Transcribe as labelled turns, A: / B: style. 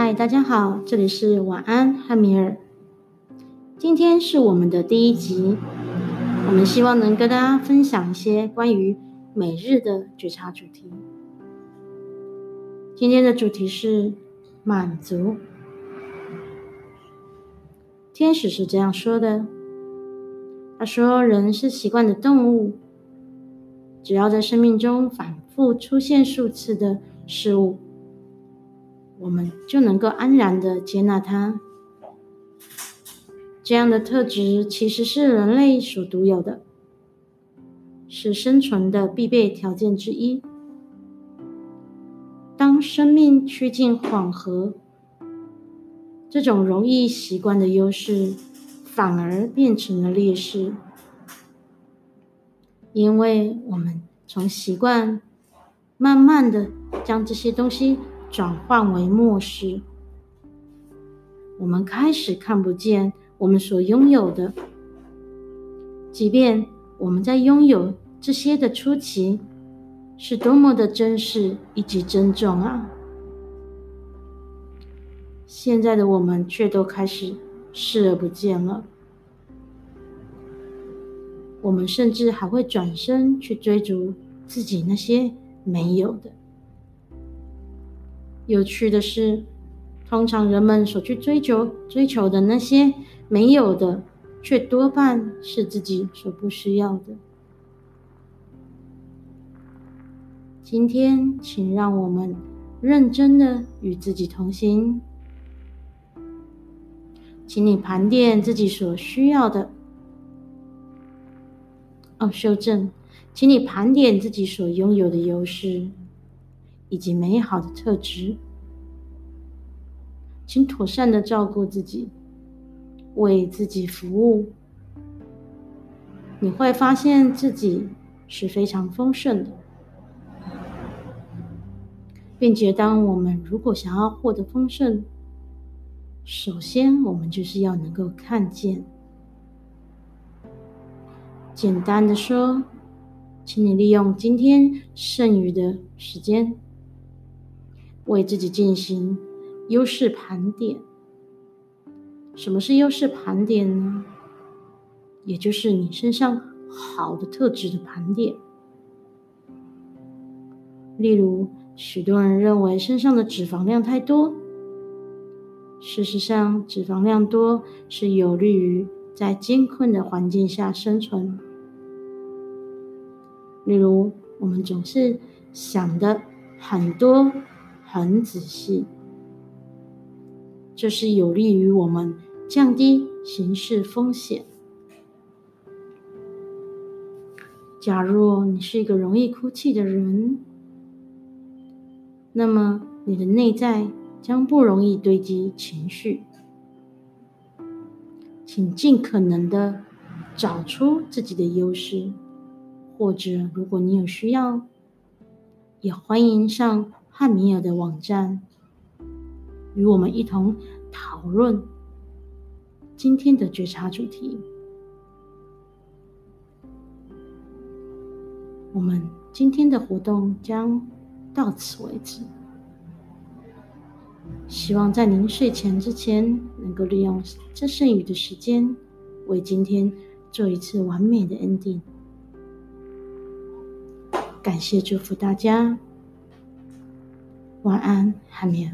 A: 嗨，Hi, 大家好，這裡是晚安漢米爾。今天是我們的第一集，我們希望能跟大家分享一些關於每日的覺察主題。今天的主題是滿足。天使是這樣說的，他說：“人是習慣的動物，只要在生命中反覆出現數次的事物。”我們就能夠安然的接納它。這樣的特質其實是人類所獨有的，是生存的必備條件之一。當生命趨近緩和，這種容易習慣的優勢，反而變成了劣勢。因為我們從習慣，慢慢的將這些東西。轉換為漠視，我們開始看不見我們所擁有的，即便我們在擁有這些的初期是多麼的珍視以及珍重啊，現在的我們卻都開始視而不見了，我們甚至還會轉身去追逐自己那些沒有的。有趣的是，通常人們所去追求、追求的那些沒有的，卻多半是自己所不需要的。今天，請讓我們認真的與自己同行。請你盤點自己所需要的。哦，修正，請你盤點自己所擁有的優勢。以及美好的特質，請妥善的照顧自己，為自己服務，你會發現自己是非常豐盛的。並且，當我們如果想要獲得豐盛，首先我們就是要能夠看見。簡單的說，請你利用今天剩餘的時間。為自己進行優勢盤點。什麼是優勢盤點呢？也就是你身上好的特質的盤點。例如，許多人認為身上的脂肪量太多，事實上，脂肪量多是有利於在艱困的環境下生存。例如，我們總是想的很多。很仔細，這、就是有利於我們降低刑事風險。假若你是一個容易哭泣的人，那麼你的內在將不容易堆積情緒。請盡可能地找出自己的優勢，或者如果你有需要，也歡迎上。漢米爾的網站，與我們一同討論今天的覺察主題。我們今天的活動將到此為止。希望在您睡前之前，能夠利用這剩餘的時間，為今天做一次完美的 ending。感謝祝福大家。晚安，海綿。